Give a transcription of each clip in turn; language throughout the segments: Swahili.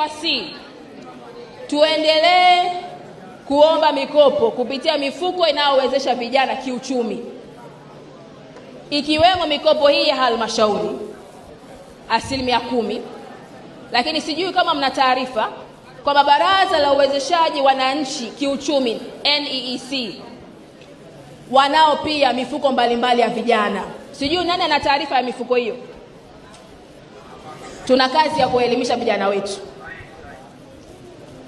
wasii tuendelee kuomba mikopo kupitia mifuko inayowezesha vijana kiuchumi, ikiwemo mikopo hii ya halmashauri asilimia kumi. Lakini sijui kama mna taarifa kwamba Baraza la Uwezeshaji Wananchi Kiuchumi NEEC wanao pia mifuko mbalimbali mbali ya vijana. Sijui nani ana taarifa ya mifuko hiyo. Tuna kazi ya kuelimisha vijana wetu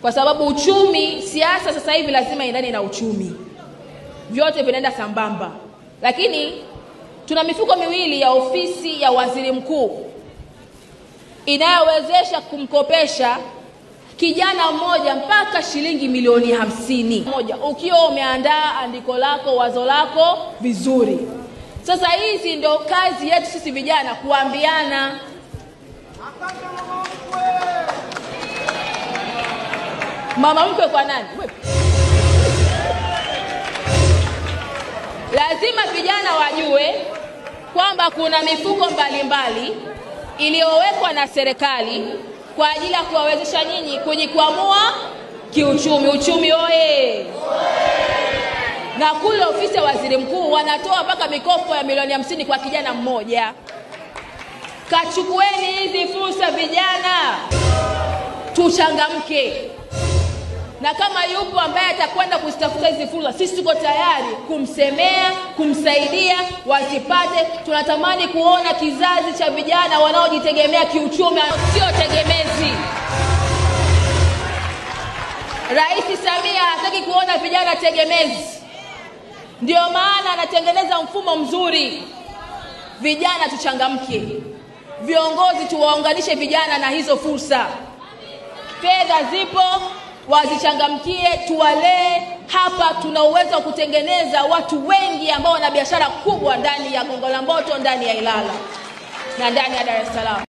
kwa sababu uchumi, siasa sasa hivi lazima iendane na uchumi, vyote vinaenda sambamba. Lakini tuna mifuko miwili ya ofisi ya waziri mkuu inayowezesha kumkopesha kijana mmoja mpaka shilingi milioni hamsini moja ukiwa umeandaa andiko lako, wazo lako vizuri. Sasa hizi ndio kazi yetu sisi vijana kuambiana mama mkwe kwa nani lazima vijana wajue kwamba kuna mifuko mbalimbali iliyowekwa na serikali kwa ajili ya kuwawezesha nyinyi kujikwamua kiuchumi. Uchumi oye! Na kule ofisi ya waziri mkuu wanatoa mpaka mikopo ya milioni hamsini kwa kijana mmoja. Kachukueni hizi fursa vijana, tuchangamke na kama yupo ambaye atakwenda kuzitafuta hizi fursa, sisi tuko tayari kumsemea, kumsaidia wasipate. Tunatamani kuona kizazi cha vijana wanaojitegemea kiuchumi, sio tegemezi. Rais Samia hataki kuona vijana tegemezi, ndio maana anatengeneza mfumo mzuri. Vijana tuchangamke, viongozi tuwaunganishe vijana na hizo fursa. Fedha zipo wazichangamkie, tuwalee. Hapa tuna uwezo wa kutengeneza watu wengi ambao wana biashara kubwa ndani ya Gongo la Mboto, ndani ya Ilala na ndani ya Dar es Salaam.